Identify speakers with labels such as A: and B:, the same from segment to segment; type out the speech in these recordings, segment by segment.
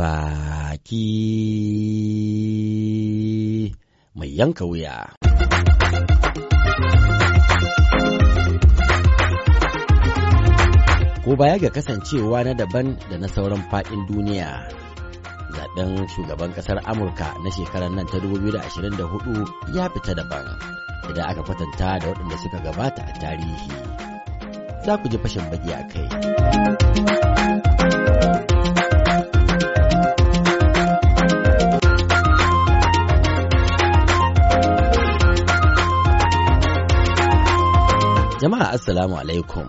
A: baki mai yanka wuya. Ko baya ga kasancewa na daban da na sauran faɗin duniya. Zaɓen shugaban ƙasar Amurka na shekarar nan ta 2024 ya fita daban idan aka kwatanta da waɗanda suka gabata a tarihi. Za ku ji fashin baki a kai. Jama'a Assalamu alaikum.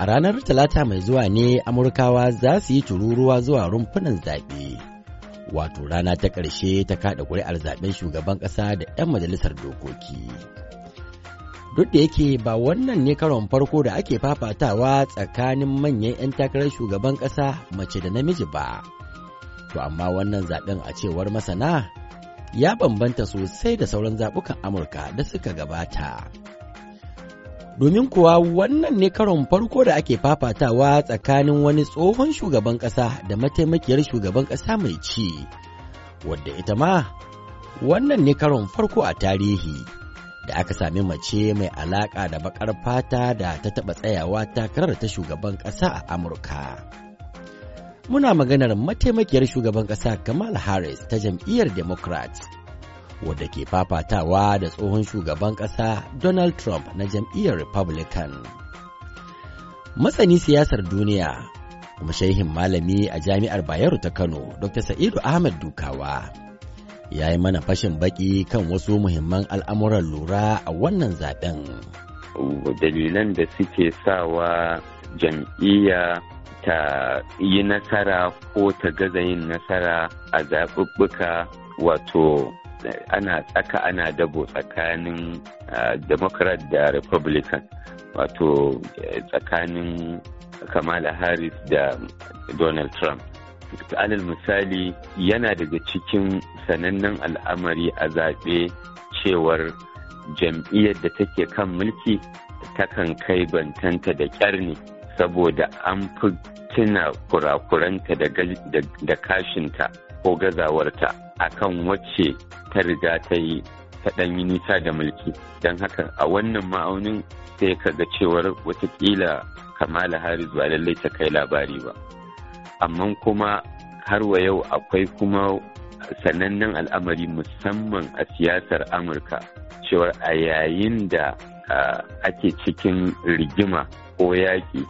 A: A ranar Talata mai zuwa ne Amurkawa za su yi tururuwa zuwa rumfunan zaɓe. Wato rana ta ƙarshe ta kaɗa ƙuri'ar zaɓen shugaban ƙasa da 'yan majalisar dokoki. Duk da yake ba wannan ne karon farko da ake fafatawa tsakanin manyan 'yan takarar shugaban ƙasa mace da namiji ba. To amma wannan zaɓen a cewar masana ya bambanta sosai da sauran zaɓukan Amurka da suka gabata. domin kuwa wannan ne karon farko da ake fafatawa tsakanin wani tsohon shugaban ƙasa da mataimakiyar shugaban ƙasa mai ci wadda ita ma wannan ne karon farko a tarihi da aka sami mace mai alaƙa da baƙar fata da ta taɓa tsayawa takarar ta shugaban ƙasa a amurka muna maganar mataimakiyar shugaban ƙasa kamal harris ta jam'iyyar democrats wadda ke fafatawa da tsohon shugaban ƙasa Donald Trump na jam'iyyar Republican. Matsani siyasar duniya, kuma shehin malami a jami'ar Bayero ta Kano, Dr. Sa'idu Ahmed Dukawa, ya yi mana fashin baki kan wasu muhimman al'amuran lura a wannan zaben.
B: Dalilan da suke sawa jam'iyya ta yi nasara ko ta gaza yin nasara a zaɓuɓɓuka wato ana tsaka ana dabo tsakanin ah, democrat da republican wato eh, tsakanin kamala harris da donald trump alal misali yana daga cikin sanannen al'amari a zaɓe cewar jam'iyyar da take kan mulki takan kai bantanta da ƙyar ne saboda an fi tuna kurakuranta da kashinta ko gazawarta akan wacce ta riga ta yi ta ɗan yi nisa da mulki don haka a wannan ma'aunin sai ka ga cewar watakila kamala harris ba lallai ta kai labari ba amma kuma har wa yau akwai kuma sanannen al'amari musamman a siyasar amurka cewar a yayin da ake cikin rigima ko yaƙi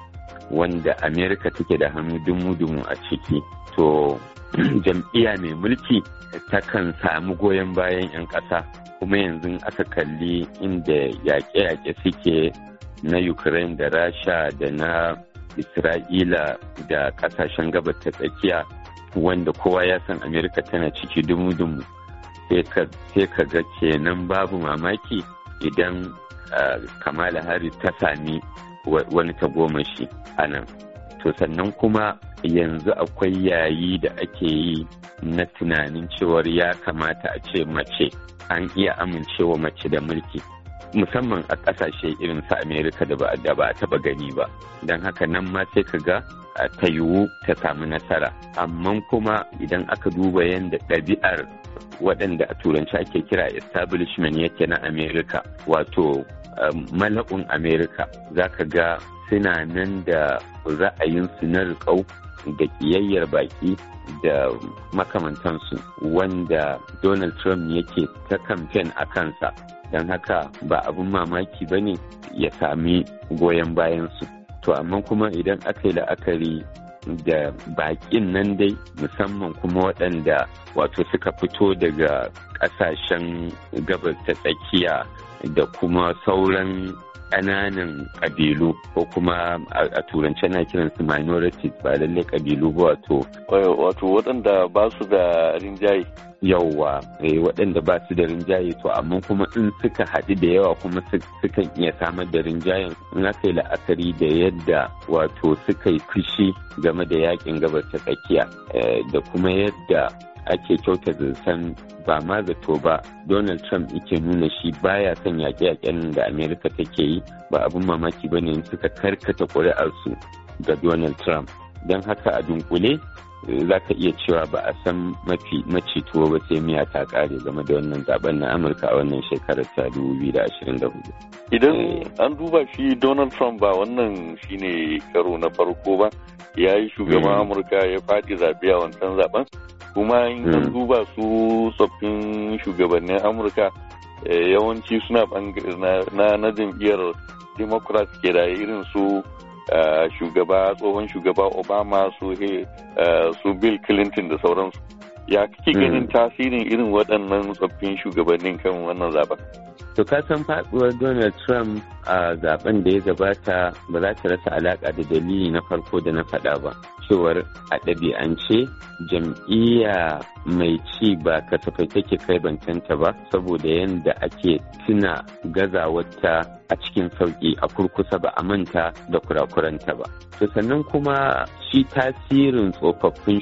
B: wanda amerika take da hannu dumu-dumu a ciki to jam'iyya mai mulki ta kan samu goyon bayan 'yan ƙasa kuma yanzu aka kalli inda yaƙe-yaƙe suke na ukraine da rasha da na isra'ila da ƙasashen gabas ta tsakiya wanda kowa ya san amerika tana ciki dumu-dumu sai ka ga kenan babu mamaki idan eh, kamala harris ta sami wani tagomashi a nan. to sannan kuma yanzu akwai yayi da ake yi na tunanin cewar ya kamata a ce mace an iya amincewa mace da mulki musamman a ƙasashe irin su amerika da ba a taɓa gani ba don haka nan ma sai ka ga ta yiwu ta samu nasara amma kuma idan aka duba yadda ɗabi'ar waɗanda a turanci ake kira establishment yake na america wato mala'un america za ka ga suna nan da ra'ayinsu na riƙau da ƙiyayyar baƙi da makamantansu wanda donald trump yake ta kamfen a kansa don haka ba abin mamaki ba ne ya sami goyon bayansu to amma kuma idan aka yi la'akari da baƙin nan dai musamman kuma waɗanda wato suka fito daga ƙasashen gabas ta tsakiya da kuma sauran ƙananan ƙabilu ko kuma a turance na kiran su minorities ba lallai ƙabilu ba wato
C: wato waɗanda ba su da rinjaye
B: yawwa eh waɗanda ba su da rinjaye to amma kuma in suka haɗu da yawa kuma sukan iya samar da rinjayen in aka yi la'akari da yadda wato suka yi fushi game da yakin gabas ta tsakiya eh, da kuma yadda ake kyauta zancen ba ma zato ba donald trump yake nuna shi baya son yaƙe-yaƙen da amerika take yi ba abin mamaki ba ne suka karkata ƙuri'arsu ga donald trump don haka a dunkule za ka iya cewa ba a san maci tuwo ba sai miya ta kare game da wannan zaben na amurka a wannan shekarar ta 2024
C: idan eh. an duba shi donald trump ba wannan shine karo na farko ba ya yi shugaban hmm. amurka ya fadi zaɓe a wancan zaben kuma in an hmm. duba su tsoffin shugabannin amurka eh, yawanci suna na jam'iyyar democrat ke da irin su Eh, shugaba tsohon shugaba obama su eh, su bill clinton da sauransu ya kike hmm. ganin tasirin irin waɗannan tsoffin shugabannin kan wannan zaben
B: to ka san faɗuwar donald trump a zaben da ya gabata ba za ta rasa alaƙa da dalili na farko da na faɗa ba cewar a ɗabi'ance jam'iyya mai ci ba kasafai take kai bantanta ba saboda yadda ake tuna gazawarta a cikin sauƙi a kurkusa ba a manta da kurakuranta ba to sannan kuma shi tasirin tsofaffin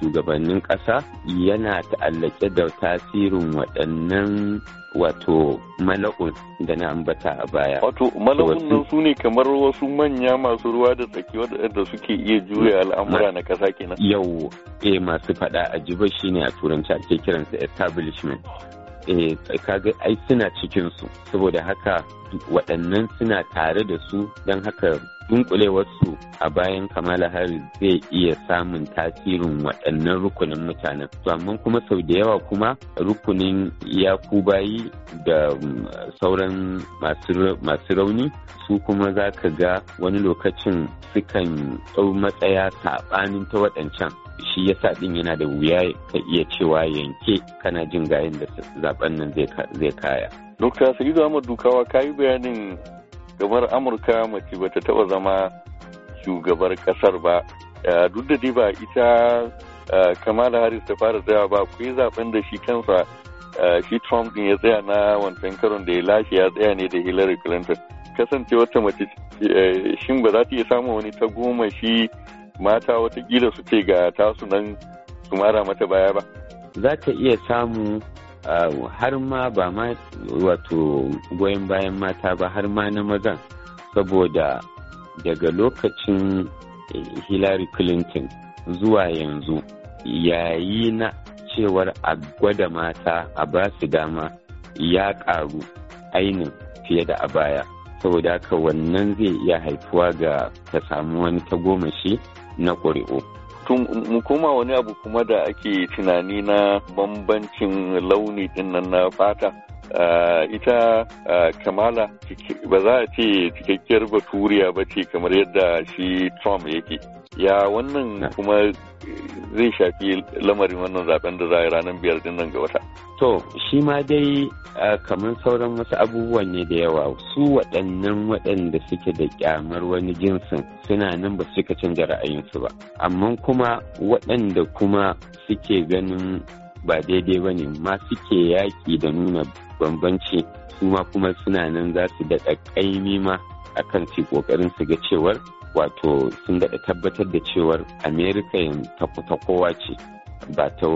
B: shugabannin ƙasa yana ta'allake da tasirin waɗannan wato mala'un da na ambata a baya wato malamun nan
C: su ne kamar wasu manya masu ruwa da tsaki waɗanda suke iya juya al'amura na kasa kenan yau
B: eh masu faɗa a jiba shine a turanci ake kiransu establishment eh kaga ai suna cikin su saboda haka waɗannan suna tare da su don haka dunkulewarsu a bayan kamala harris zai iya samun tasirin waɗannan rukunin mutanen to amma kuma sau da yawa kuma rukunin bayi da mm, sauran masu rauni su kuma za ka ga wani lokacin sukan ɗau matsaya saɓanin ta waɗancan shi yasa ɗin yana da wuya ka iya cewa yanke kana jin gayin da zaben nan zai kaya.
C: Dokta Sa'idu Ahmad Dukawa ka yi bayanin shugabar amurka mace bata taba zama shugabar kasar ba eh, duk da ba ita eh, kamala harris ta fara tsaya ba akwai zaben da shi kansa eh, shi trump din ya tsaya na wancan karon da ya lashe ya tsaya ne da hillary clinton kasance ta mace shin ba za ta iya samun wani ta goma shi mata watakila su ce ga tasu nan su mara mata baya ba za ta iya samu har
B: ma ba ma wato goyon bayan mata ba har ma na maza? saboda daga lokacin hillary clinton zuwa yanzu yayi na cewar a gwada mata a ba su dama ya karu ainin fiye da a baya saboda haka wannan zai iya haifuwa ga ta samu wani tagomashi na ƙuri'u.
C: mu koma wani abu kuma da ake tunani na bambancin launi din na fata Eh, ita eh, kamala ba za a ce cikakkiyar baturiya ba ce kamar yadda shi trump yake ya wannan kuma zai shafi lamarin wannan zaben da za a yi ranar biyar din nan ga wata to
B: shi ma dai eh, kamar sauran wasu abubuwan ne da yawa su waɗannan waɗanda suke da kyamar wani jinsin suna nan ba suka canza ra'ayinsu ba amma kuma waɗanda kuma suke ganin ba daidai ba ne masu ke yaƙi da nuna bambanci su ma kuma suna nan za su daɗa ƙaimi ma kan su ƙoƙarin su ga cewar wato sun daɗa tabbatar da cewar amerika yin ta kowa ce ba ta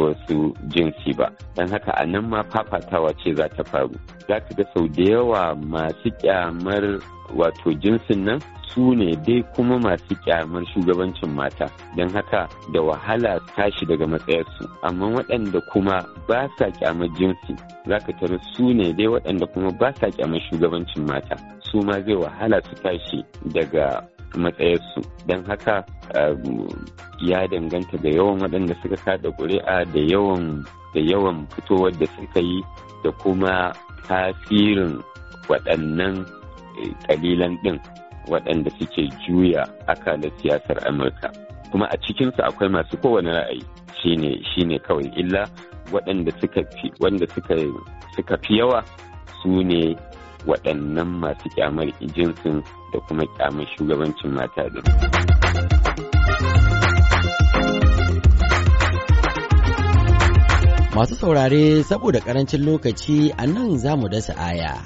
B: wasu jinsi ba don haka a nan ma fafatawa ce za ta faru za ka ga sau da yawa masu kyamar wato jinsin nan su ne dai kuma masu kyamar shugabancin mata don haka da wahala tashi daga matsayarsu amma waɗanda kuma ba sa kyamar jinsi za ka tara su ne dai waɗanda kuma ba sa kyamar shugabancin mata su ma zai wahala su tashi daga matsayarsu don haka eh, ya danganta da yawan waɗanda suka kada ƙuri'a da yawan da yawan fitowar da suka yi da kuma tasirin waɗannan eh, ƙalilan ɗin waɗanda suke juya akalar siyasar amurka kuma a cikinsu akwai masu kowane ra'ayi shine shine kawai illa waɗanda suka fi wanda suka suka fi yawa su ne waɗannan masu kyamar jinsin
A: da kuma kyamar shugabancin mata ɗin. Masu saurare saboda ƙarancin lokaci a nan za mu dasa aya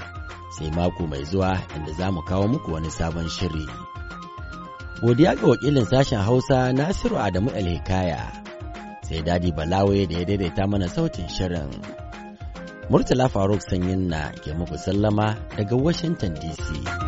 A: sai mako mai zuwa inda za mu kawo muku wani sabon shiri. Godiya ga wakilin sashen Hausa Nasiru Adamu Alhikaya sai Dadi Balawe da ya daidaita mana sautin shirin. Murtala Faruk Sanyin na ke muku sallama daga Washington DC.